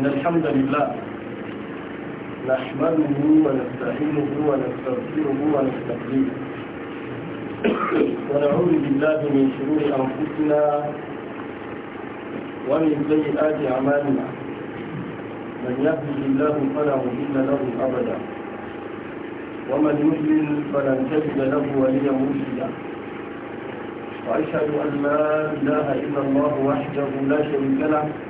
إن الحمد لله نحمده ونستعينه ونستغفره ونستقليه ونعوذ بالله من شرور أنفسنا ومن سيئات أعمالنا من يهده الله فلا مضل له أبدا ومن يضلل فلن تجد له وليا مرشدا وأشهد أن لا إله إلا الله وحده لا شريك له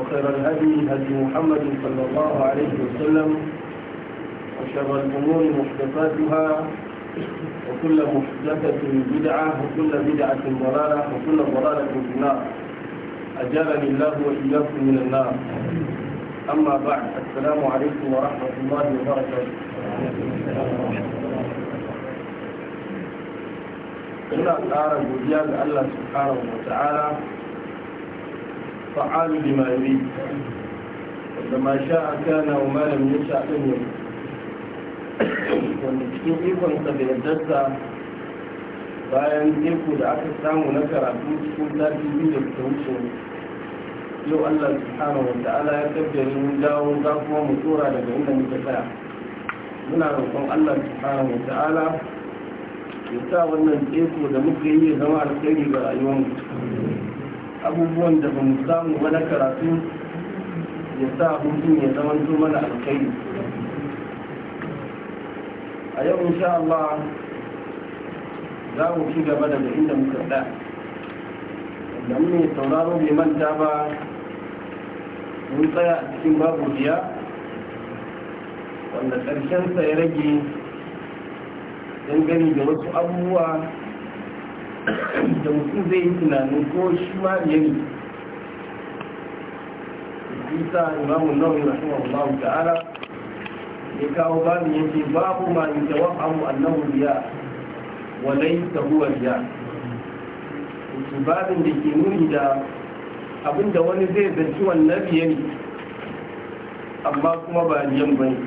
وخير الهدي هدي محمد صلى الله عليه وسلم وشر الأمور محدثاتها وكل محدثة بدعة وكل بدعة ضلالة وكل ضلالة في النار أجارني الله وإياكم من النار أما بعد السلام عليكم ورحمة الله وبركاته إن الله godiya الله سبحانه وتعالى فعال لما يريد وما شاء كان وما لم يشاء لم يكن wanda cikin ikonsa da yardarsa bayan teku da aka samu na karatu cikin sati biyu da suka wuce yau allah subhanahu wa ta'ala ya kaddare mun dawo za kuma mu tsora daga inda muka tsaya muna roƙon allah subhanahu wa ta'ala ya sa wannan teku da muka yi ya zama alkhairi ga rayuwarmu abubuwan da ba mu samu ba karatu ya sa hutun ya zama mana alkai a yau insha Allah za mu ci gaba daga inda muka da da ne sauraro bai manta ba mun tsaya a cikin babu biya wanda ƙarshen sa ya rage dangane da wasu abubuwa da mutum zai yi tunanin ko shi ma ya yi isa imamun nau'i rahimahullahu ta'ala ya kawo babu yake babu ma yi jawab abu annahu biya walai ta huwa biya wasu babin da ke nuni da abinda wani zai zanci wannan biya ne amma kuma ba biyan ba ne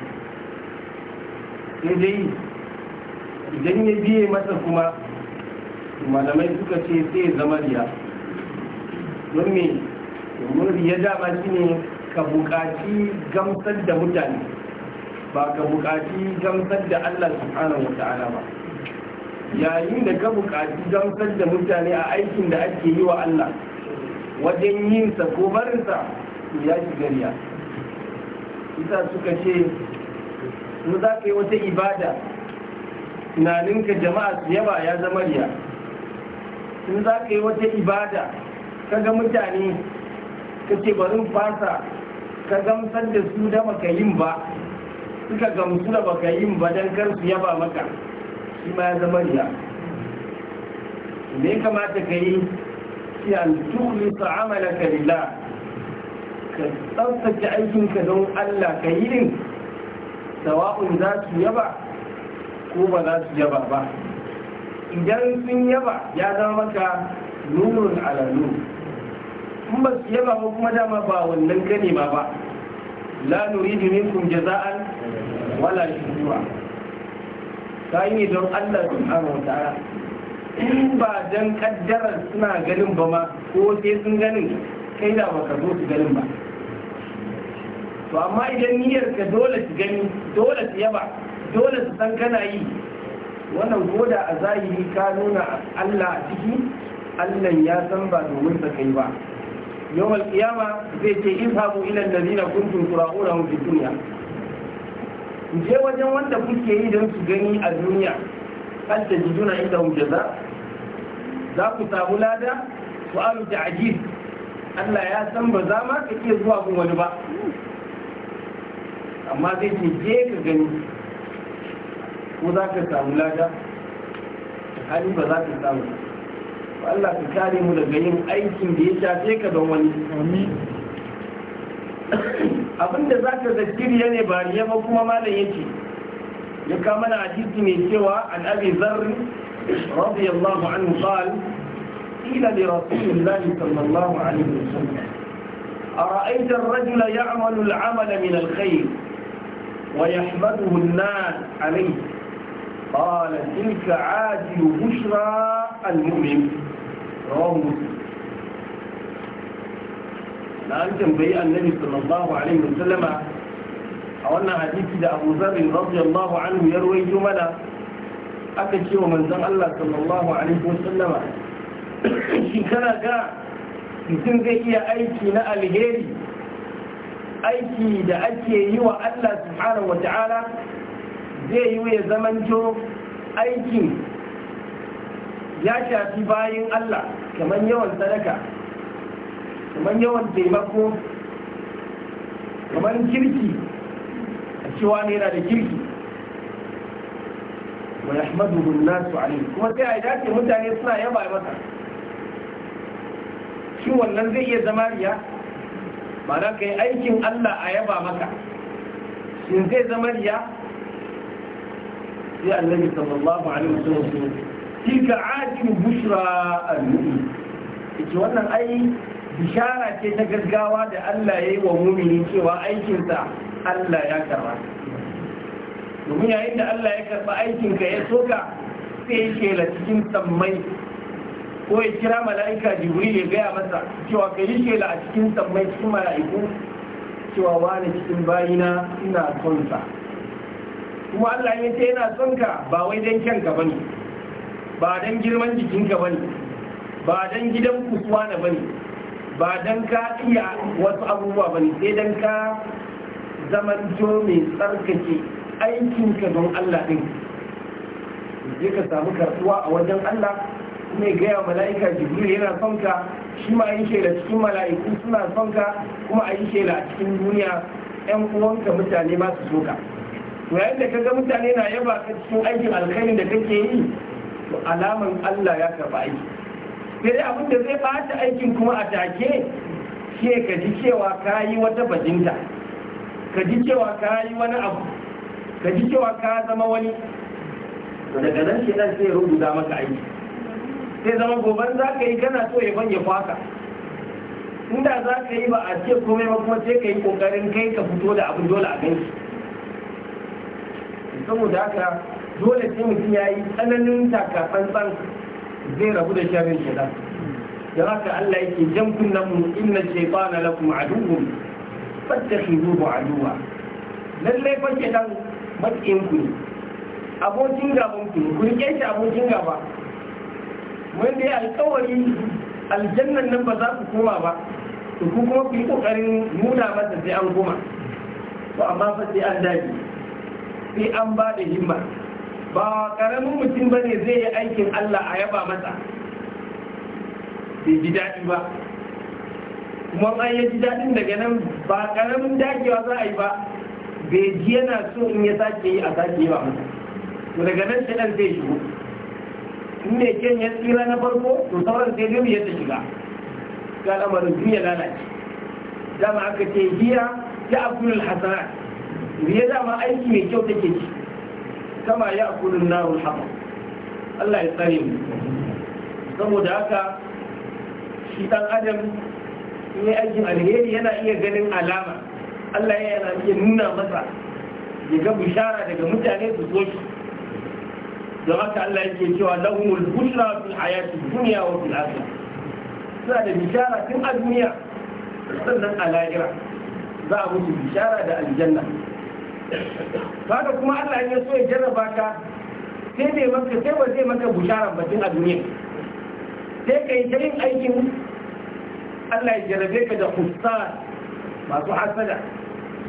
sai dai idan ya biye masa kuma malamai suka ce sai zama riya don me domin riya dama shi ne ka buƙaci gamsar da mutane ba ka buƙaci gamsar da Allah subhanahu wa ta'ala ba yayin da ka buƙaci gamsar da mutane a aikin da ake yi wa Allah wajen yinsa ko barinsa ya shiga gariya isa suka ce mu za ka yi wata ibada tunaninka jama'a su yaba ya zama riya in za ka yi wata ibada ka ga mutane ka ce bari fasa ka gamsar da su da maka yin ba suka gamsu da baka yin ba don kar su yaba maka shi ma ya zama riya me kamata ka yi shi an su amala ka lila ka tsaftace aikinka don Allah ka yi din sawa'un za su yaba ko ba za su yaba ba idan sun yaba ya zama maka nurun alalu in ba su yaba ba kuma dama ba wannan gani ba ba la nuridu minkum jaza'an wala shukura ta yi don Allah subhanahu wa ta'ala in ba dan kaddarar suna ganin ba ma ko sai sun ganin kai da baka zo su ganin ba to amma idan niyyar ka dole su gani dole su yaba dole su san kana yi wannan goda a zahiri ka nuna Allah a ciki Allah ya san ba domin sa kai ba yawal kiyama zai ce izhabu ila alladhina kuntum tura'unahum fi dunya je wajen wanda kuke yi don su gani a duniya kan ta jiduna inda jaza za ku samu lada da ta'jil Allah ya san ba za ma ka iya zuwa gun wani ba amma zai ce je ka gani ko za ka samu lada hali ba za ka samu Allah ka kare mu daga yin aikin da ya shafe ka don wani abinda za ka zakiriya ne ba riya ba kuma malam yake ya kama na hadisi mai cewa an abi zarri radiyallahu anhu qal qila li rasulillahi sallallahu alaihi wasallam ara'aita ar-rajula ya'malu al-'amala min al-khayr wa yahmaduhu an-nas alayhi قال تلك عاجل بشرى المؤمن رواه مسلم na an tambayi annabi sallallahu alaihi wasallama a wannan hadisi da Abu Zar radiyallahu anhu ya rawaito mana aka ce wa manzon Allah sallallahu alaihi wasallama shi kana ga mutum zai iya aiki na alheri aiki da ake yi wa Allah subhanahu zai yi ya zamanto aiki ya shafi bayan Allah kamar yawan sadaka kamar yawan taimako kamar kirki a cewa ne yana da kirki wa yahmaduhu nasu alayhi kuma sai a dace mutane suna yaba masa shi wannan zai iya zama riya ba za ka yi aikin Allah a yaba maka shin zai zama riya sai annabi sallallahu alaihi wasallam su tilka ajin bushra al-mu'min ita wannan ai bishara ce ta gaggawa da Allah ya yi wa mumini cewa aikinsa Allah ya karba domin yayin da Allah ya karba aikinka ya soka sai ya shela cikin sammai ko ya kira mala'ika jibril ya gaya masa cewa ka yi shela a cikin sammai cikin mala'iku cewa wani cikin bayina ina sonsa kuma Allah ya ce yana son ka ba wai dan kyanka bane ba dan girman jikinka bane ba dan gidan kusuwa na bane ba dan ka iya wasu abubuwa bane sai dan ka zaman jo mai tsarkake aikinka don Allah din je ka samu karɓuwa a wajen Allah kuma ya gaya mala'ika jibril yana son ka shi ma yin shaida cikin mala'iku suna son ka kuma a yi a cikin duniya 'yan uwanka mutane ma su so yayin da kaga mutane na yaba ka cikin aikin alkhairin da kake yi to alaman Allah ya karba aiki sai dai abin da zai bata aikin kuma a take ke ka ji cewa ka yi wata bajinta ka ji cewa ka yi wani abu ka ji cewa ka zama wani daga nan shi nan sai rubuta maka aiki sai zama goban za ka yi kana so ya banye kwaka inda za ka yi ba a ce komai ba kuma sai ka yi kokarin kai ka fito da abin dole a ganki. saboda haka dole sai mutum ya yi tsananin takatsantsan zai rabu da sharrin shida da haka Allah yake jan kunnan mu inna shaytana lakum aduwwun fattakhiduhu aduwwa lalle fa shaitan matsayin ku ne abokin gaban ku ku rike shi abokin gaba mun dai alƙawari aljannan nan ba za ku koma ba ku kuma ku yi kokarin nuna masa sai an koma to amma fa sai an dage sai an ba da himma ba karamin mutum ba ne zai yi aikin Allah a yaba masa bai ji daɗi ba kuma an ya ji daɗin daga nan ba karamin dagewa za a yi ba bai ji yana so in ya sake yi a sake yawa masa to daga nan shi ɗan zai shigo in ne kyan ya tsira na farko to sauran sai zai yadda shiga ga lamarin duniya lalace dama aka ce hiya ya abdul hasanat biye dama aiki mai kyau take ci kama ya akulun narun hama Allah ya tsare mu saboda haka shi ɗan adam in yi aikin alheri yana iya ganin alama Allah ya yana iya nuna masa ya ga bishara daga mutane su so shi don haka Allah yake cewa lahumul bushra fil hayati dunya wa fil akhirah suna da bishara tun a duniya sannan a lahira za a mutu bishara da aljanna kaga kuma Allah ya so ya jarraba ka sai bai maka sai ba zai maka bushara batun a duniya sai kai ta yin aikin Allah ya jarrabe ka da hussar masu hasada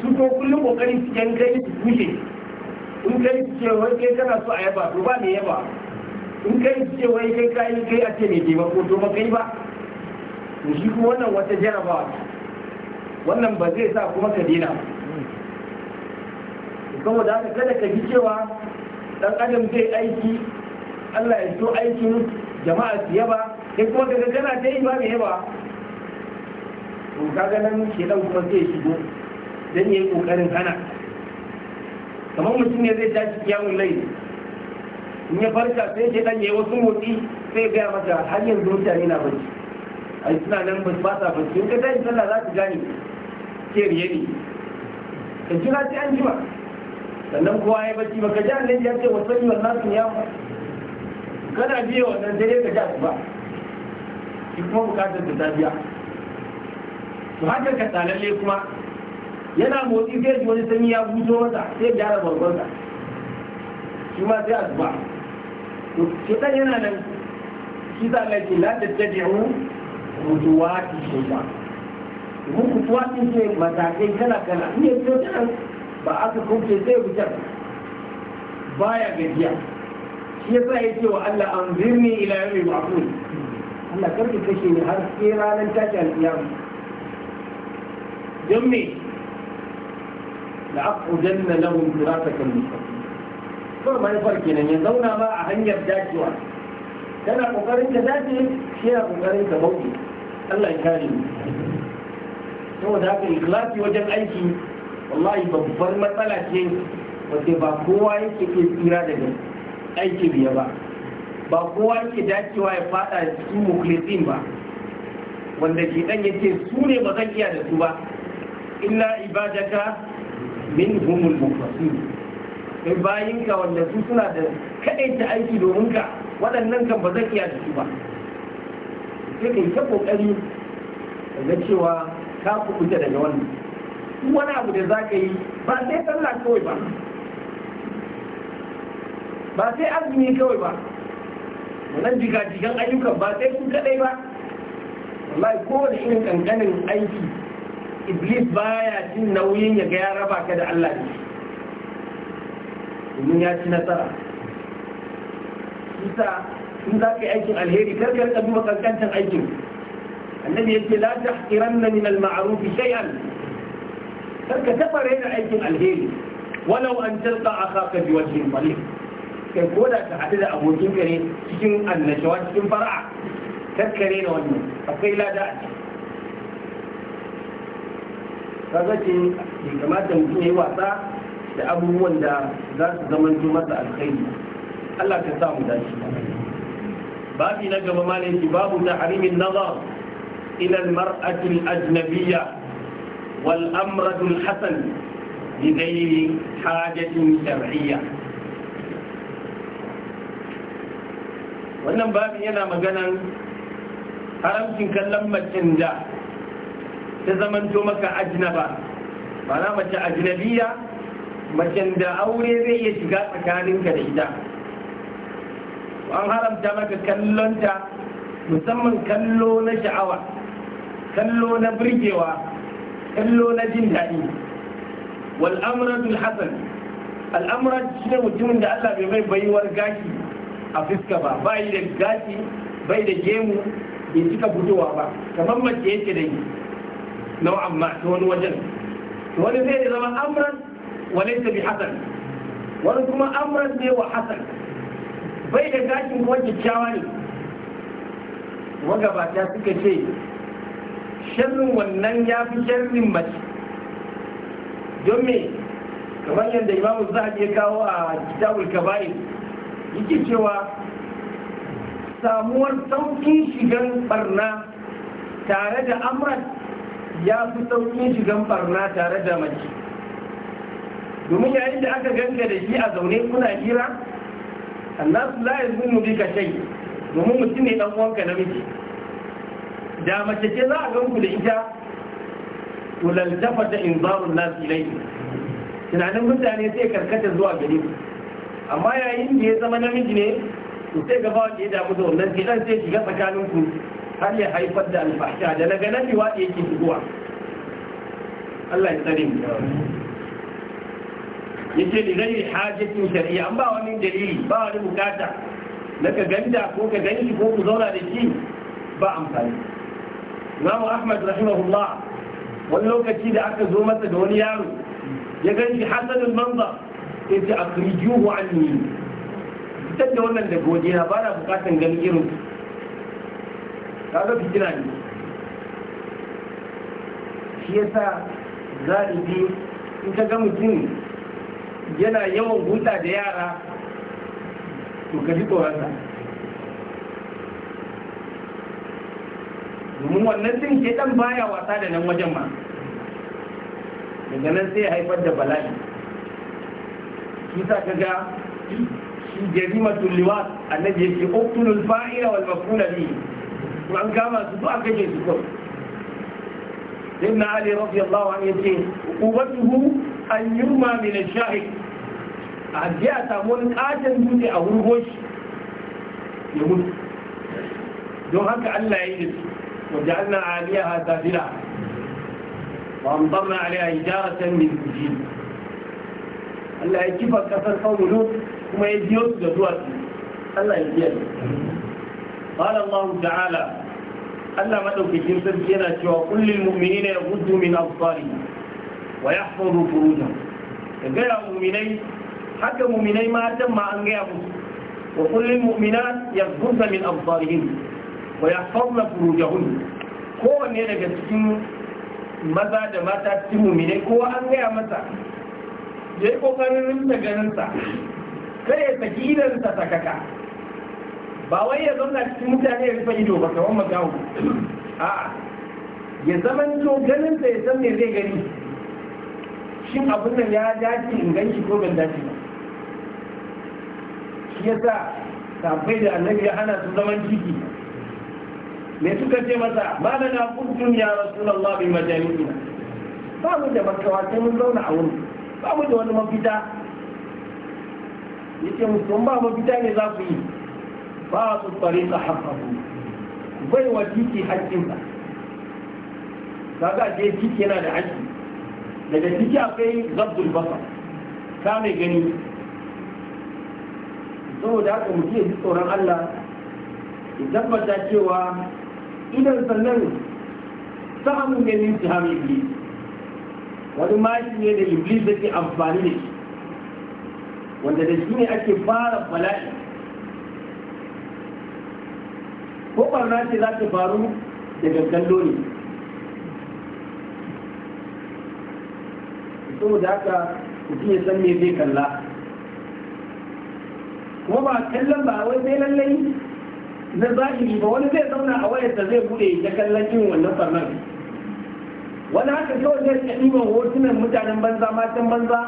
su ko kullum kokari su yan kai su kushe in kai su ce wai kai kana so a yaba to ba me yaba in kai su ce wai kai kai kai a ce ne ke ba ko to ba kai ba to shi kuma wannan wata jarabawa wannan ba zai sa kuma ka dina ba saboda haka kada ka ji cewa dan adam zai aiki Allah ya so aikin jama'a su yaba sai kuma daga gana ta yi ba mai yaba to kaga nan ke dan kuma zai shigo dan yayi kokarin kana kamar mutum ne zai tashi kiyamun lai in ya farka sai ke dan yayi wasu motsi sai ga mata har yanzu mutane na bacci ai suna nan ba ba sa bacci in ka tashi sallah za ka gane ke riye ne ka jira sai an jima sannan kowa ya bacci ba ka ji annabi ya ce wa yi wa nasu ya kana biya wannan dare ka ji ba shi kuma bukatar da tafiya. to haka ka tsalalle kuma yana motsi sai ji wani sanyi ya buto masa sai gyara barbarsa shi ma sai asuba to dan yana nan shi sa Allah ke la tattabi'u rutuwati shaytan rutuwati ce matakai kala kala ne to ba aka kauce zai fitar baya gajiya shi yasa ya ce wa Allah an zirni ila yau mai ba'afun Allah karki kashe ni har sai ranar tashi alƙiyama don me la aqudanna lahum kan mustaqim kawai manufar kenan ya zauna ma a hanyar dacewa tana kokarin ka dace shi yana kokarin ka bauki Allah ya kare mu saboda haka ikhlasi wajen aiki wallahi babbar matsala ce wadda ba kowa yake ke tsira daga aiki biya ba ba kowa yake dacewa ya fada su muklisin ba wanda ke dan yace su ne ba zan iya da su ba illa ibadaka min humul mukhlasin kai bayinka wanda su suna da ta aiki domin ka waɗannan kan ba zan iya da su ba sai kai ta kokari ga cewa ka kuɓuta daga wannan wani abu da za ka yi ba sai sallah kawai ba ba sai azumi kawai ba wannan jigajigan ayyukan ba sai su kadai ba wallahi kowane irin kankanin aiki iblis baya jin nauyin ya ga ya raba ka da Allah ne domin ya ci nasara isa in za ka yi aikin alheri karkar ka duba kankancin aikin annabi yake la tahqiranna min al-ma'ruf shay'an karka taɓa da aikin alheri walau an talqa akaka bi wajhin talib kai ko da ka haɗu da abokin kare cikin annashawa cikin fara'a karka raina wannan akwai lada a ciki kaga ce kamata mutum yi wasa da abubuwan da za su zama masa alkhairi Allah ka sa mu dace babi na gaba ma babu tahrimin nazar ila al-mar'ati al-ajnabiyya والأمرد الحسن بغير حاجة شرعية wannan babin yana maganan haramcin kallon macen da ta zamanto maka ajnaba mana mace ajinabiya macen da aure zai iya shiga tsakaninka da ita an haramta maka kallonta musamman kallo na sha'awa kallo na birgewa kallo na jin daɗi wal hasan al'amuran shi ne mutumin da Allah bai mai baiwar gashi a fuska ba bai da gashi bai da gemu bai cika fitowa ba kamar mace yake da yi nau'an amma ta wani wajen to wani zai zama amran wale ta bi hasan wani kuma amran ne wa hasan bai da gashin kuma kyakkyawa ne magabata suka ce sharrin wannan ya fi sharrin mace don me kamar yadda imamu za ya kawo a kitabul kaba'ir yake cewa samuwar saukin shigan barna tare da amrat ya fi saukin shigan barna tare da mace domin yayin da aka ganga da shi a zaune kuna hira annasu la yanzu ka shai domin mutum ne ɗan uwanka na namiji da mace ce za a gan ku da ita tulaltafa da inzarun nasu ilaihi tunanin mutane sai karkata zuwa gani amma yayin da ya zama namiji ne to sai gaba wanda ya damu da wannan sai sai shiga tsakanin ku har ya haifar da alfahsha da na nan biwa da yake shigowa Allah ya tsare mu yace da hajjatin shari'a an ba wani dalili ba wani bukata na ka ganda ko ka ganshi ko ku zauna da shi ba amfani imamu ahmad rahimahullah wani lokaci da aka zo masa da wani yaro ya gan shi hasanul manza ya ce a anni fitar da wannan da na ba na bukatan ganin irin kaga fitina ne shi yasa zalibi in ka ga mutum yana yawan huta da yara to ka ji tsoronsa mun wannan ke shaitan baya wasa da nan wajen ma daga nan sai haifar da bala'i kisa ka ga shi jarimatul liwat annabi yake uqtulul fa'ila wal maf'ula bihi ko an kama su ba aka je su ko sayyidina ali radiyallahu anhu yace tuhu an yurma min ash-shahid a je a samu wani katon dutse a hurgo shi ya mutu don haka Allah ya yi da su وجعلنا عاليها سافلة وانضرنا عليها إجارة من الجيل ألا يجب أن قوم نوت وما يجيوت لدواته ألا يجيوت قال الله تعالى ألا مدو في جنس الجنة وكل المؤمنين يغدوا من أبطاره ويحفظوا فروجه فقال المؤمنين حتى المؤمنين ما أتم ما أنجابه وكل المؤمنات يغدوا من أبطارهم wa yahfazna furujahun kowanne daga cikin maza da mata cikin mu'minai kowa an gaya masa ya yi kokarin rinta ganinsa kada ya saki ta sakaka ba wai ya zauna cikin mutane ya rufe ido ba kamar magawo a ya ganin ganinsa ya san me zai gani shin abin nan ya dace in gan shi ko ban dace ba shi yasa tafai da annabi ya hana su zaman ciki Mai suka ce masa ba da na kuntun ya Allah bin majalisina ba mu da makawa sai mun zauna a wuri ba mu da wani mafita ya ce musu ba mafita ne za ku yi ba su tariqa haqqahu bai wa titi ba kaga je titi yana da haƙƙi daga titi akwai zabdul basa ta mai gani saboda haka mutum ya ji tsoron Allah ya tabbata cewa idan sannan samun ganin su tiham iblis wani mashi ne da iblis da ke amfani da shi wanda da shi ne ake fara bala'i ko barna ce za ta faru da gaggallo ne saboda haka mutum ya san me zai kalla kuma ba kallon ba wai sai lallai na shi ba wani zai zauna a wayar da zai bude ya kallon yin wannan farnan wani haka kawai zai ta ɗiban hotunan mutanen banza matan banza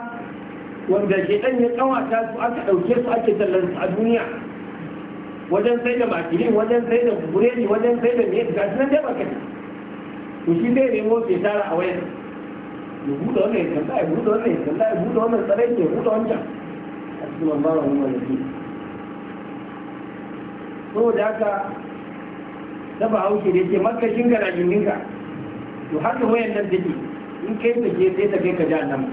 wanda ke ɗan ya ƙawata su aka ɗauke su ake tallan su a duniya wajen sai da makirin wajen sai da bureni wajen sai da miyar gashi nan dai baka ne to shi zai nemo ke tara a wayar ya buɗe wannan ya kalla ya buɗe wannan ya kalla ya buɗe wannan tsarai ya buɗe wancan a cikin mambaran wani wani saboda haka daba hauke da yake makashin ka rajinninka to haka wayan nan take in kai ta ke sai ta kai ka jihar nan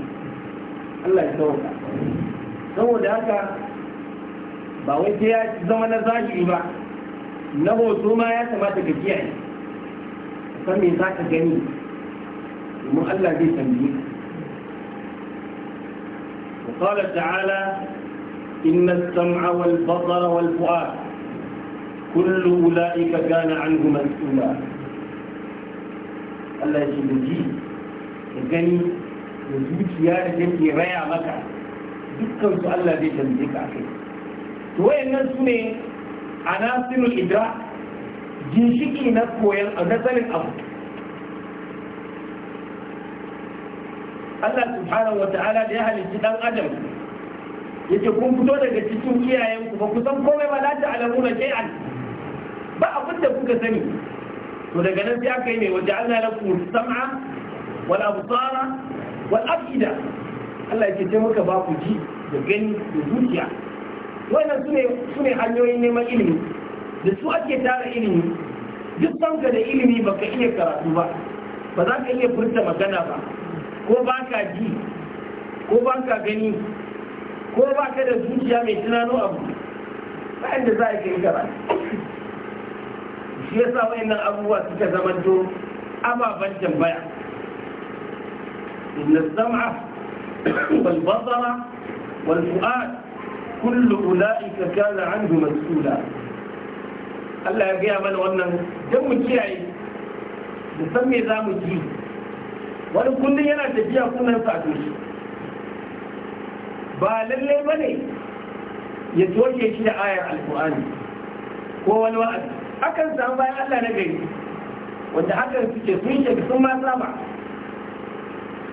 Allah ya sauka saboda haka ba wai sai ya zama na zahiri ba na hoto ma ya kamata ka kiyaye san me za ka gani domin Allah zai tambaye ka وقال تعالى إن السمع والبصر والفؤاد كل أولئك كان عنه مسؤولا Allah ce da ji da gani da zuciya da take raya maka dukkan su Allah zai tambaye ka kai to wayannan su ne idra ginshiki na a abu Allah subhanahu wa ta'ala da ya halitta dan adam yake kun fito daga cikin iyayenku ba ku san komai ba la ta'lamuna shay'an ba abin da kuka sani to daga nan sai aka yi mai wajen Allah na kuma sam'a wal absara wal afida Allah ya ce muka ba ku ji da gani da zuciya wannan sune sune hanyoyin neman ilimi da su ake tara ilimi duk sanka da ilimi baka iya karatu ba ba za ka iya furta magana ba ko ba ka ji ko ba ka gani ko ba ka da zuciya mai tunano abu ba da za a yi karatu shi ya sa wayannan abubuwa suka zamanto ababen tambaya inna sam'a wal basara wal fu'ad kullu ulaika kana anhu mas'ula Allah ya gaya mana wannan dan mu kiyaye da san me za mu ji wani kullum yana tafiya kunan sa toshi ba lallai ba ne ya toshe shi da ayar alkur'ani ko wani wa'azi akan samu bayan Allah na gari wanda hakan suke sun shiga sun ma saba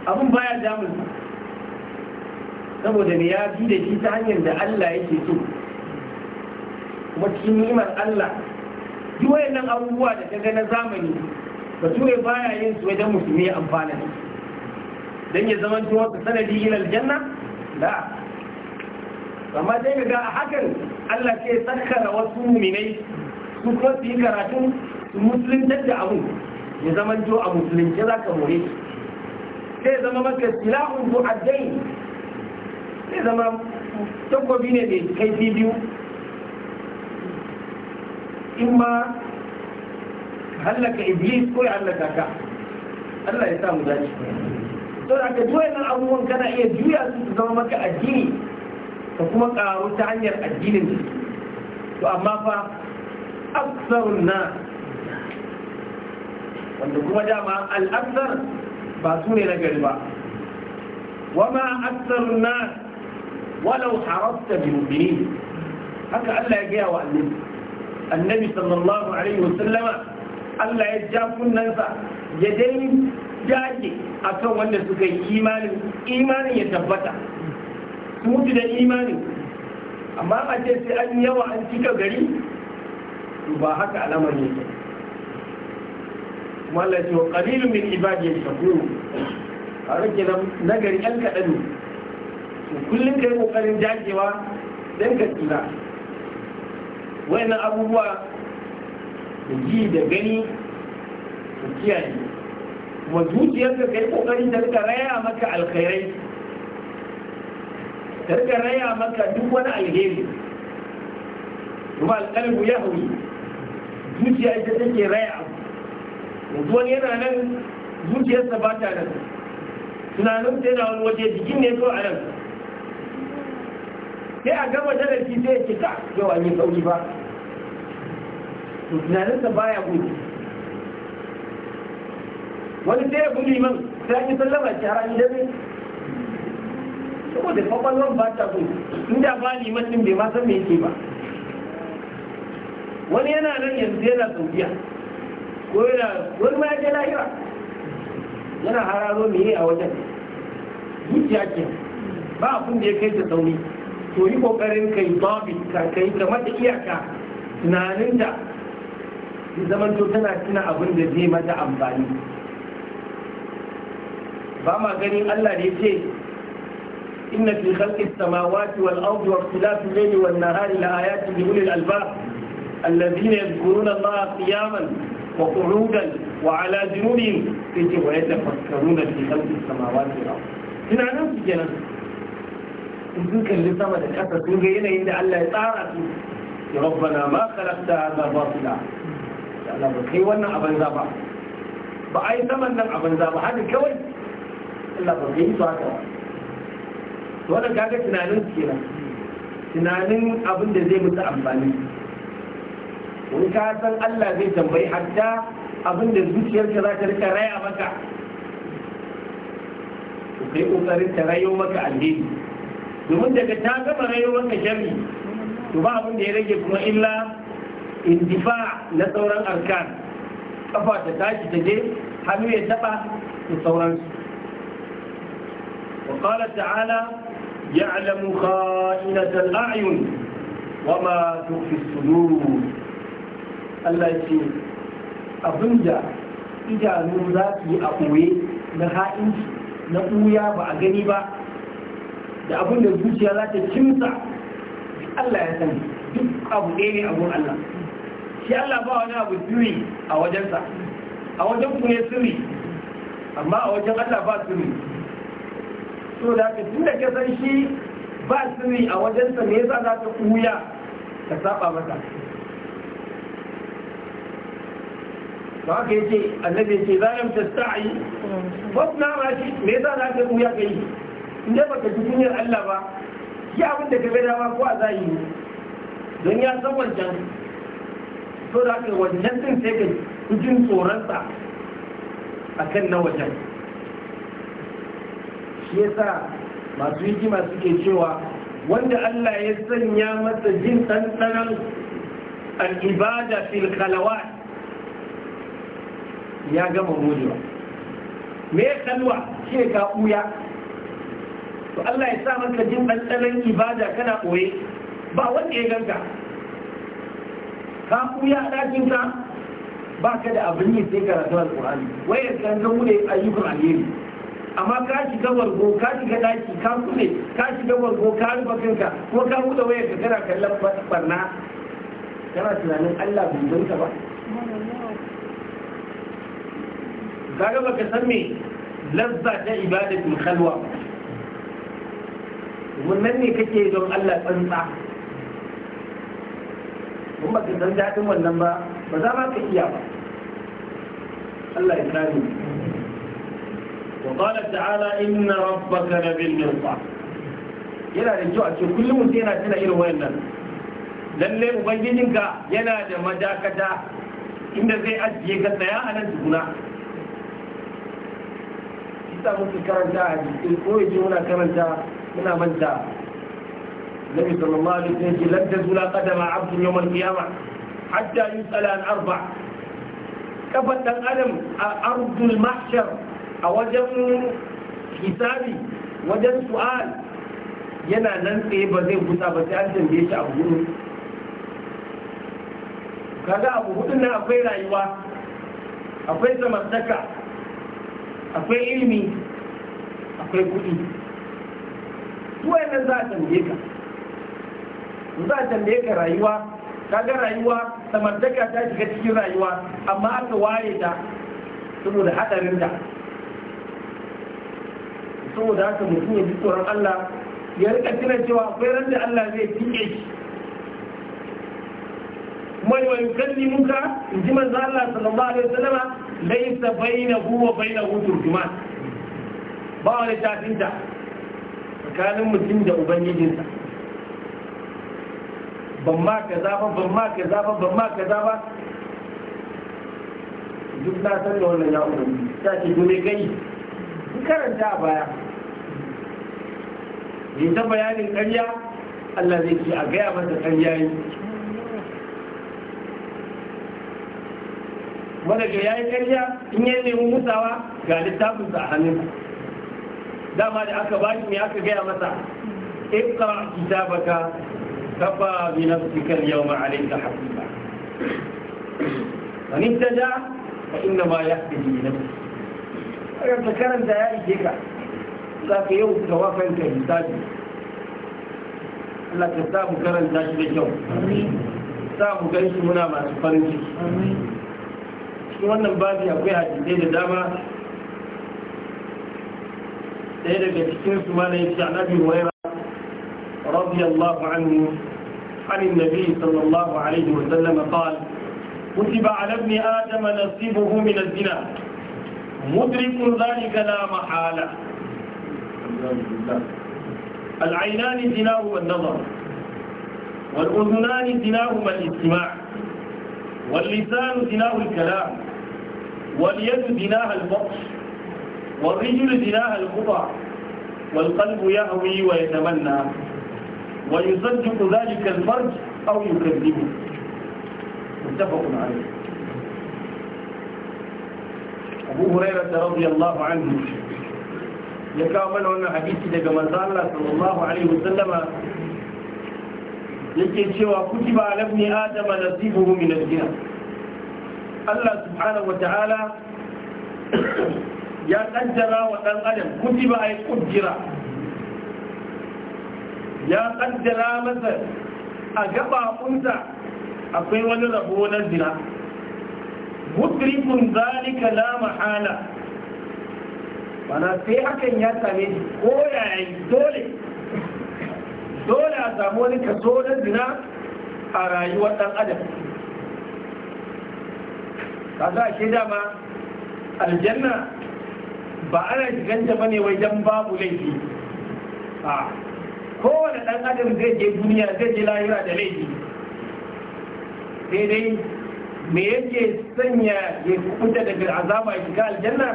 abin baya damun saboda ne ya bi da shi ta hanyar da Allah yake so kuma cikin ni'imar Allah duk wayannan abubuwa da kaga na zamani ba bature baya yin su wajen musulmi amfana dan ya zama tuwa ka sanadi ila aljanna la amma dai ga a hakan Allah sai sakkara wasu muminai su kuma su yi karatun su musuluntar da abu ya zama jo a musulunci za ka more sai zama maka silahun mu'addai sai zama takobi ne kai kaifi biyu in ma hallaka iblis ko ya hallaka ka Allah ya sa mu dace don aka juya nan abubuwan kana iya juya su su zama maka addini ka kuma karu ta hanyar addinin to amma fa aksarun na wanda kuma dama al'aksar ba su ne na gari ba ma aksarun na walau harafta bi haka Allah ya gaya wa annabi annabi sallallahu alaihi wasallama Allah ya ja kunnansa ya dai jage kan wanda suka yi imanin imanin ya tabbata su mutu da imanin amma a ce sai an yawa an cika gari ba haka al'amari yake kuma Allah ce wa qalilun min ibadi yashkuru a rage nan nagari ɗan kaɗan su kullum kai ƙoƙarin jajewa don ka tsira wayannan abubuwa da ji da gani da kiyaye kuma zuciyarka kai ƙoƙarin da ka raya maka alkhairai da rika raya maka duk wani alheri kuma alƙalbu ya hauri. zuciya ita take raya abu yanzu wani yana nan zuciyarsa ba ta nan tunaninsa yana wani waje jikin ne kawai a nan sai a gama talarci sai ya cika ka yau an yi sauri ba tunaninsa ba baya gudu wani sai ya gudu liman sai yi sallama ce har an dare saboda kwakwalwar ba ta gudu inda ba liman din bai ma san me yake ba wani yana nan yanzu yana saudiya ko yana wani ma ya je lahira yana hararo yi a wajen zuciya ke ba abin da ya kai ta sauri to yi kokarin kai babi ka kai ka mata iyaka tunanin da zaman to tana tuna abin da zai mata amfani ba ma ganin Allah ne ce inna fi khalqi samawati wal ardi wa al layli wan nahari la ayatin li ulil albab الذين يذكرون الله قياما وقعودا وعلى جنوبهم يجب ويتفكرون في خلق السماوات والارض ina nan su kenan in kalli sama da ƙasa sun ga yanayin da Allah ya tsara su ya rabbana ma khalaqta hadha batila Allah ba kai wannan abin za ba ba ai saman nan abin ba haka kawai Allah ba kai tunanin tunanin abin da zai musu amfani in ka san Allah zai tambayi hatta abin da zuciyarka za ta rika raya maka to kai kokarin ta rayo maka alheri domin daga ta gama rayo maka sharri to ba abin da ya rage kuma illa indifa na sauran arkan kafa ta tashi ta je hannu ya taba da sauransu وقال تعالى يعلم خائنة الأعين وما تخفي الصدور Allah ce da idanu za su yi a ɓoye na ha'inci na ɓuya ba a gani ba da da zuciya za ta kimsa Allah ya sani duk abu ɗaya ne abun Allah shi Allah ba wani abu sirri a wajensa a wajen ku ne sirri amma a wajen Allah ba sirri so da ka tun da ka san shi ba sirri a wajensa me yasa za ta ɓuya ka saba masa ba haka ya ce annabi ya ce zalim ta sa'ayi wasu na shi me yasa za ka buya ka yi in dai baka ji kunyar Allah ba Yi abin da ka ga dama ko a zahiri don ya san wancan so da haka wancan din sai ka jin tsoronsa a kan na wajen shi yasa masu hikima suke cewa wanda Allah ya sanya masa jin ɗanɗanon al'ibada fil kalawat ya gama gojewa me ya kalwa shi ne ka ɓuya to Allah ya sa maka jin ɗanɗanon ibada kana ɓoye ba wanda ya ganka ka ɓuya ɗakinka ba ka da abin yi sai karatu alƙur'ani wayar kan zan ne ayyukan alheri amma ka shiga wargo ka shiga daki ka kune ka shiga wargo ka rufe kanka ko ka buɗe wayar ka kana kallon barna kana tunanin Allah bai ganka ba kaga baka san me lazza ta ibadatul khalwa wannan ne kake don Allah tsantsa mun baka san daɗin wannan ba ba za ma ka iya ba Allah ya kare mu وقال تعالى إن ربك لبالمرصاد yana da kyau a ce kullum sai yana tana irin wayannan lalle ubangijinka yana da madakata inda zai ajiye ka tsaya a nan tukuna sa muke karanta a jikin ko muna karanta muna manta nabi sallallahu alaihi wasallam ce ladda zula qadama abdu yawm al hatta yusala an arba kafan dan adam a ardul mahshar a wajen hisabi wajen su'al yana nan tsaye ba zai kusa ba sai an tambaye shi abu hudu kaga abu hudun nan akwai rayuwa akwai zamantaka akwai ilimi akwai kudi tuwayen za a tambaye ka za a tambaye ka rayuwa ka ga rayuwa samartaka ta shiga cikin rayuwa amma aka ware ta saboda hadarin da saboda haka mutum ya ji tsoron Allah ya rika tunan cewa akwai ran da Allah zai fike shi mai wa muka in ji manzo Allah sallallahu alaihi wasallam laysa bainahu wa bainahu turjuman ba wani tafinta tsakanin mutum da ubangijinsa ban ma ka zaba ban ma ka zaba ban ma ka zaba duk na san da wannan ya umarni ta ce dole gai karanta a baya yi ta bayanin ƙarya Allah zai ce a gaya masa ƙarya yi wanda ya yayi karya in ne nemi musawa ga littafin sa a hannun dama da aka shi me aka gaya masa ibqa kitabaka kafa bi nafsika al-yawma alayka hasiba man ihtada fa inna ma yahtadi li nafsihi agar ta karanta ya ike ka za ka yau ka wa kanka hisabi Allah ka sa mu karanta shi da kyau sa mu gan shi muna masu farin ciki cikin wannan babi akwai hadisai da dama ɗaya daga cikin su mana yace annabi huwaira radiyallahu anhu عن النبي صلى الله عليه وسلم قال كتب على ابن آدم نصيبه من الزنا مدرك ذلك لا محالة العينان زناهما النظر والأذنان زناهما الاستماع واللسان زناه الكلام واليد بناها البطش والرجل بناها القطع والقلب يهوي ويتمنى ويصدق ذلك الفرج أو يكذبه متفق عليه أبو هريرة رضي الله عنه يكامل هنا حديث دقى مزالة صلى الله عليه وسلم yake شوى كتب على ابن آدم نصيبه من الجنة Allah subhanahu wata'ala ya kaddara wa ɗan adam a yi kujira ya kaddara masa a gabakunsa akwai wani rabo na zina mudrikun zalika la mahala bana sai hakan ya same shi ko yayin dole dole a samu wani kaso na zina a rayuwar ɗan adam kaza ake dama aljanna ba ana shiganta ba ne wajen babu laifi a kowane ɗan adam zai je duniya zai je lahira da laifi sai dai me yake sanya ya kuɓuta daga azaba ya shiga aljanna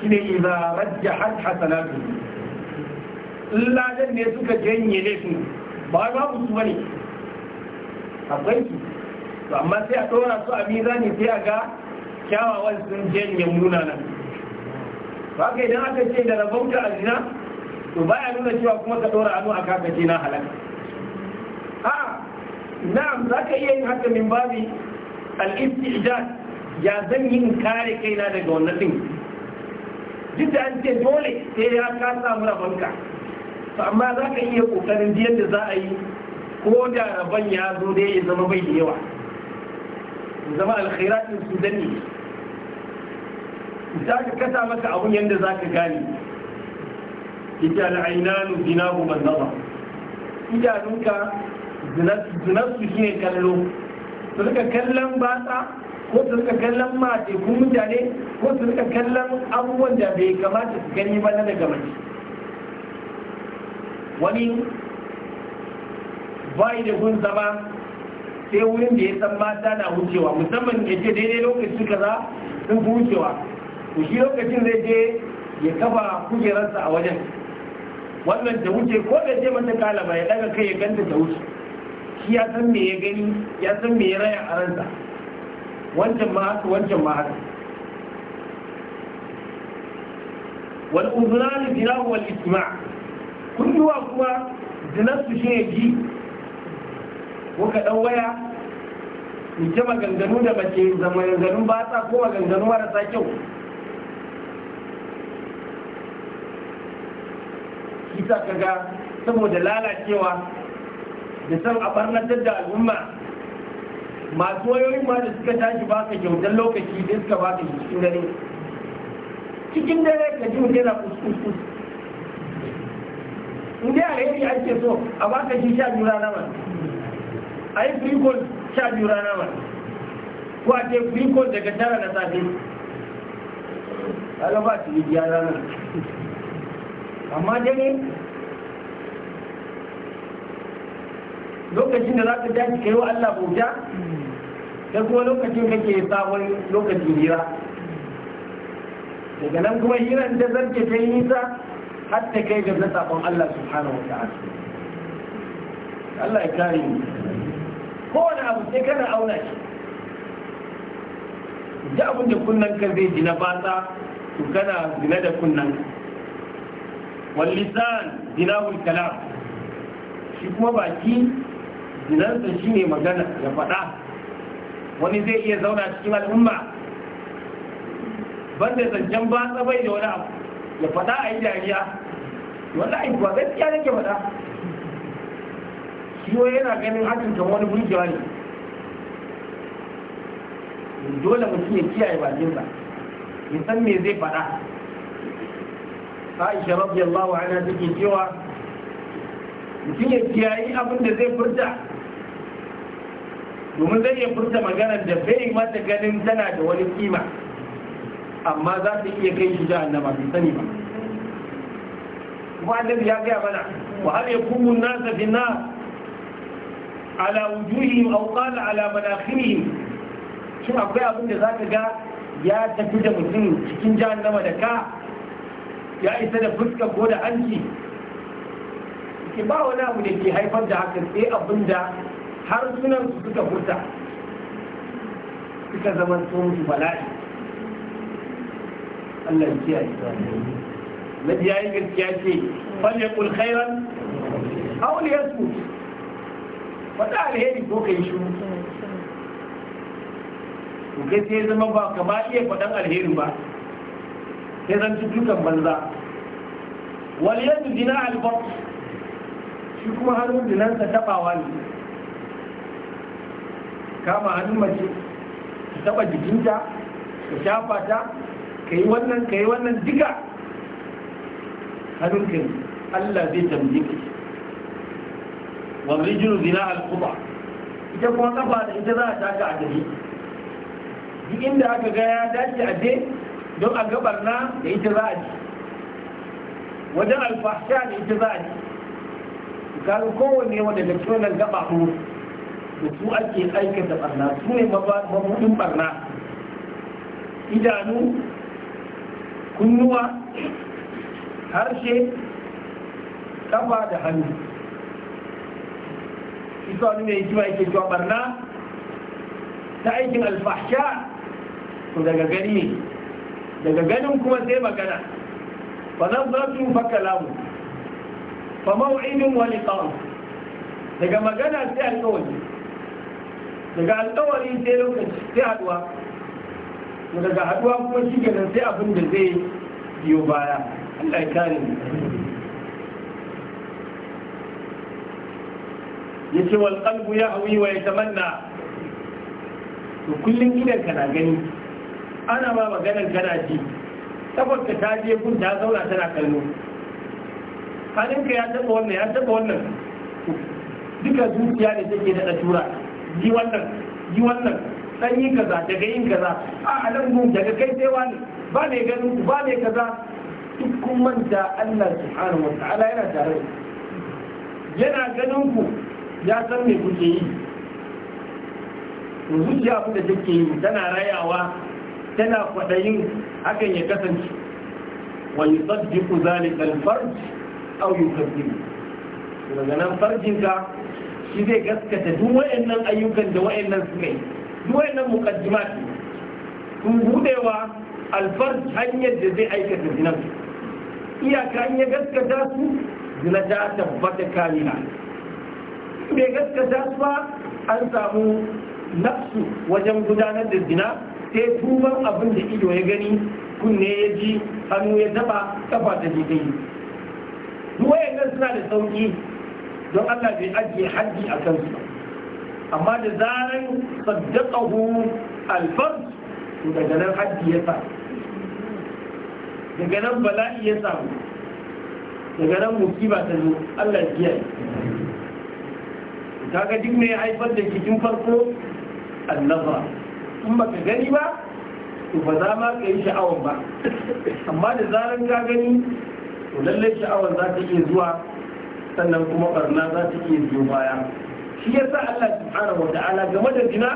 shine iza har hasanatu ladan ne suka janye laifin ba babu su bane akwai su to amma sai a ɗora su a mizani sai a ga kyawawan sun janye munanan to haka idan aka ce da rabauta a zina to ba ya nuna cewa kuma ka ɗora hannu a ce na halaka a'a na'am za ka iya yin haka min babi al'isti istijad ya zan yi in kare kaina daga wannan din duk da an ce dole sai ya ka samu rabonka to amma za ka iya kokarin da za a yi ko da rabon ya zo dai ya zama bai da yawa zama alkhairatin su danne za ka kasa maka abun yadda za ka gane ita al'ainanu zinabu manzaba idanunka zinarsu shi ne kallo su rika kallon basa ko su rika kallon mace ko mutane ko su rika kallon abubuwan da bai kamata su gani ba na daga mace wani bai da gun sai wurin da ya san mata na wucewa musamman ya ce daidai ka kaza sun fi wucewa ku shi lokacin zai je ya kafa kujerarsa a wajen wannan ta wuce ko da je mata kalaba ya daga kai ya ganta ta wuce shi ya san me ya gani ya san me ya raya a ransa wancan ma haka wancan ma haka wal uzunan zinahu wal isma' kunnuwa kuma zinarsu shi ne ji muka ɗan waya in ce maganganu da mace ba batsa ko maganganu marasa kyau kisa kaga saboda lalacewa da san a barnatar da al'umma masu wayoyin ma da suka tashi baka kyautar lokaci da suka baka cikin dare cikin dare ka ji yana kuskus in dai alheri ake so a baka shi sha biyu rana a yi frikol sha biyu rana ba ko a ce frikol daga tara na safe kaga ba su yi rana ranar amma dai lokacin da za ka tashi ka yi wa Allah bauta sai kuma lokacin ke sabon lokacin hira daga nan kuma hiran da zarge ta yi nisa har ta kai ga na sabon Allah subhanahu wa ta'ala Allah ya kare mu kowane abu sai kana auna shi da abin da kunnan ka zai ji na fata to kana zina da kunnan wallisan lisan wulkala shi kuma baki zinansa shine magana ya faɗa wani zai iya zauna cikin al'umma banda zancen ba tsabai da wani abu ya faɗa a yi dariya wallahi ba gaskiya nake faɗa ciwo yana ganin hatin kan wani burgewa ne dole mutum ya kiyaye bakinsa ya san me zai faɗa aisha radiyallahu anha take cewa mutum ya kiyaye abin da zai furta domin zai iya furta maganar da bai mata ganin tana da wani kima amma za ta iya kai shi da annaba, bai sani ba kuma annabi ya gaya mana wa hal yakumu an-nasa fi an-nar ala wujuhihim aw qala ala manakhirihim shi akwai abin da zaka ga ya tafi da mutum cikin jahannama da ka ya isa da fuska ko da hanci ke ba wani abu da ke haifar da haka sai abin da har sunan su suka huta suka zama musu bala'i Allah ya kiyaye na biya yi gaskiya ce falle kul khairan aw liyasmut faɗa alheri ko ka yi shiru to kai sai zama ba ka ba iya faɗan alheri ba sai zan dukan banza wal yadu dina albar shi kuma hannun dinansa tabawa ne kama hannun mace ka taba jikinta ka shafa ta ka yi wannan ka yi wannan duka hannun kai Allah zai tambaye ka والرجل بناء القطع ita kuma kafa da ita za a tashi a gari duk inda aka ga ya dace a je don a gabar na da ita za a ji wajen alfahsha da ita za a ji gano kowanne wanda da tunan gaba ko da su ake aikata barna su ne mabudin barna idanu kunnuwa harshe kafa da hannu isa wani mai hikima yake cewa barna ta aikin alfahsha to daga gani ne daga ganin kuma sai magana fa nazratu fa kalamu fa maw'idun wa liqa'u daga magana sai alƙawari daga alƙawari sai lokaci sai haduwa daga haduwa kuma shi kenan sai abin da zai biyo baya Allah ya kare mu yace wal qalbu yahwi wa yatamanna to kullun idan kana gani ana ba maganar kana ji saboda ta je kun ta zauna tana kallo ka ya taba wannan ya taba wannan duka zuciya ne take da tura ji wannan ji wannan dan yi kaza daga yin kaza a nan gun daga kai sai wani ba mai ganin ku ba mai kaza duk kun manta Allah subhanahu wa ta'ala yana tare yana ganin ku ya san mai kuke yi to zuciya ku da take yi tana rayawa tana kwadayin hakan ya kasance wa yusaddiqu zalika al-farj aw Kuma daga nan farjinka shi zai gaskata duk wayannan ayyukan da wayannan suka yi duk wayannan muqaddimat sun budewa al-farj hanyar da zai aikata zinan iyaka in ya gaskata su zina ta tabbata kamila bai gaskata su ba an samu nafsu wajen gudanar da zina sai tuban abin da ido ya gani kunne ya ji hannu ya taba kafa ta jikin duk yi wayannan suna da sauki don Allah bai ajiye haji a kansu amma da zaran saddaqahu alfard to daga nan haji ya sa daga nan bala'i ya samu daga nan musiba ta zo Allah ya kiyaye kaga duk mai haifar da cikin farko annaba in baka gani ba to ba za ma ka yi sha'awar ba amma da zarar ka gani to lallai sha'awar za ta iya zuwa sannan kuma barna za ta iya biyo baya shi ya sa Allah tsara wa ta'ala game da zina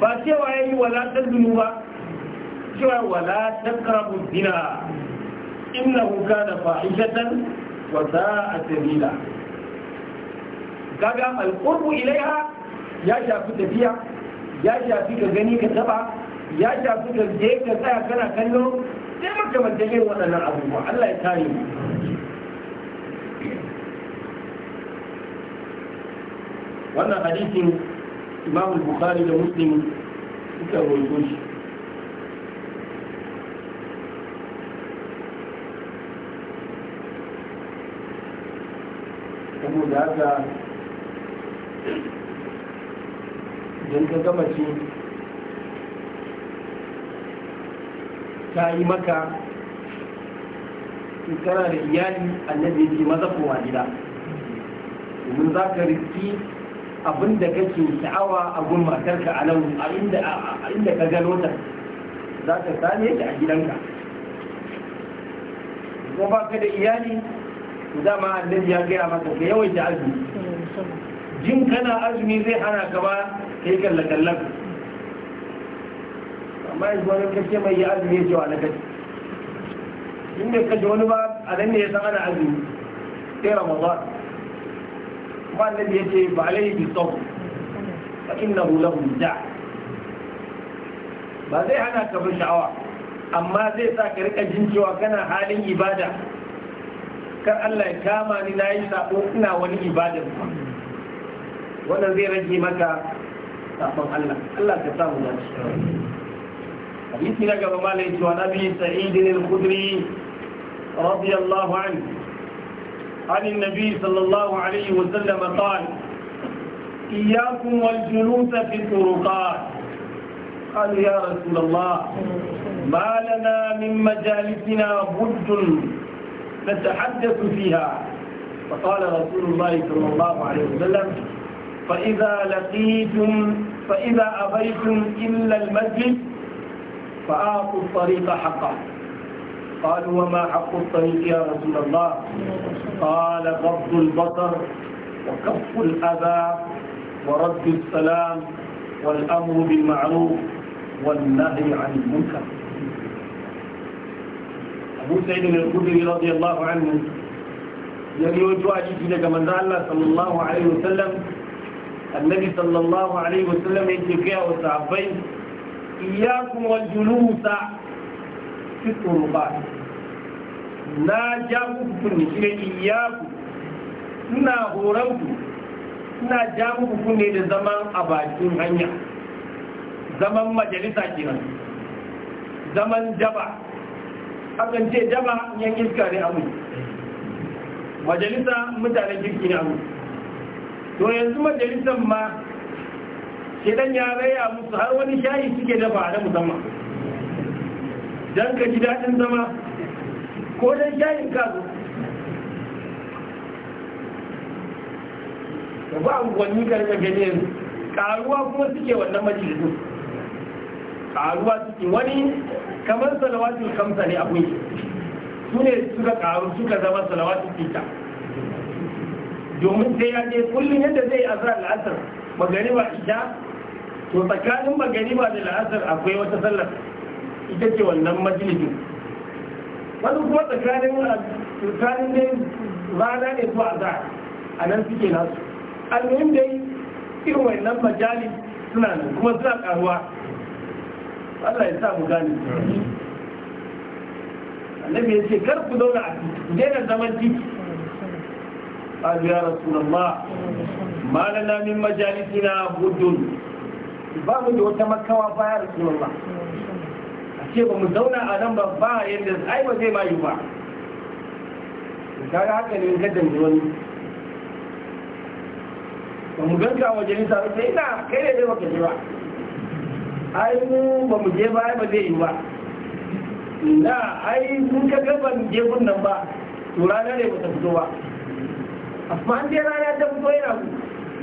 ba cewa ya yi wala tazunu ba cewa wala karabu zina innahu kana fahishatan wa a tabila kaga alqurbu ilaiha ya shafi tafiya ya shafi ka gani ka taba ya shafi ka je ka tsaya kana kallo sai makamantan irin waɗannan abubuwa Allah ya kare mu wannan hadisin imam bukhari da muslim suka roƙo shi saboda haka don ka gama ce ta yi maka in kana da iyali annabi ce maza kowa gida domin za ka riski abin da kake sha'awa a gun matarka a nan a inda ka gano ta za ka same ta a gidanka ko ba ka da iyali dama annabi ya gaya maka ka yawaita azumi hmm, jin kana azumi zai hana ka ba kai kalla kallan amma yanzu wani kace mai yi azumi ya ce wa na kace in ne kace wani ba a nan ne ya san ana azumi sai ramadan kuma annabi ya ce ba alai bi sabu fa innahu lahu da ba zai hana ka bin sha'awa amma zai sa ka rika jin cewa kana halin ibada kar Allah ya kama ni na yi sabo ina wani ibadar ba wannan zai rage maka sabon Allah Allah ka samu da shi hadisi na gaba malai cewa nabi sa'id al-khudri radiyallahu anhu عن النبي صلى الله عليه وسلم قال إياكم والجلوس في الطرقات قالوا يا رسول الله ما لنا من مجالسنا بد نتحدث فيها فقال رسول الله صلى الله عليه وسلم فإذا لقيتم فإذا أبيتم إلا المسجد فآتوا الطريق حقا قالوا وما حق الطريق يا رسول الله قال غض البصر وكف الأذى ورد السلام والأمر بالمعروف والنهي عن المنكر أبو سعيد الخدري رضي الله عنه يريد واجب لك من الله صلى الله عليه وسلم annabi sallallahu alaihi wasallam ce kai wa sahabbai iyakum wal julusa fi qurbat na ja muku kunne shi ne iyaku ina horon ku ina ja muku kunne da zaman a bakin hanya zaman majalisa kenan zaman jaba akan ce jaba yan iska ne majalisa mutanen kirki ne amu. to yanzu majalisar ma shedan ya raya musu har wani shayi suke dafa na musamman don ka ji daɗin zama ko don shayin kazo da ba abubuwanni karfe gani yanzu ƙaruwa kuma suke wannan majalisun ƙaruwa suke wani kamar salawatin kamsa ne abin su ne suka ƙaru suka zama salawatin fita domin sai ya je kullum yadda zai azar la'asar magani ba ita to tsakanin magani ba da la'asar akwai wata sallar ita ce wannan majalisin wani kuma tsakanin tsakanin dai rana ne zuwa za a nan suke nasu almuhim dai irin wannan majali suna nan kuma suna karuwa Allah ya sa mu gane annabi ya ce kar ku zauna a daina zaman ciki قالوا يا رسول الله ما لنا من مجالسنا بد babu da wata makawa baya da sunan ba a ce ba mu zauna a nan ba ba yadda ai ba zai mayu ba kaga haka ne gadon wani ba mu ganka a wajen nisa sai ina kai ne zai baka je ba ai mu ba mu je ba ai ba zai yi ba na ai mun ka gaban gefen nan ba to ne ba ta fito ba 房间来了这么多人。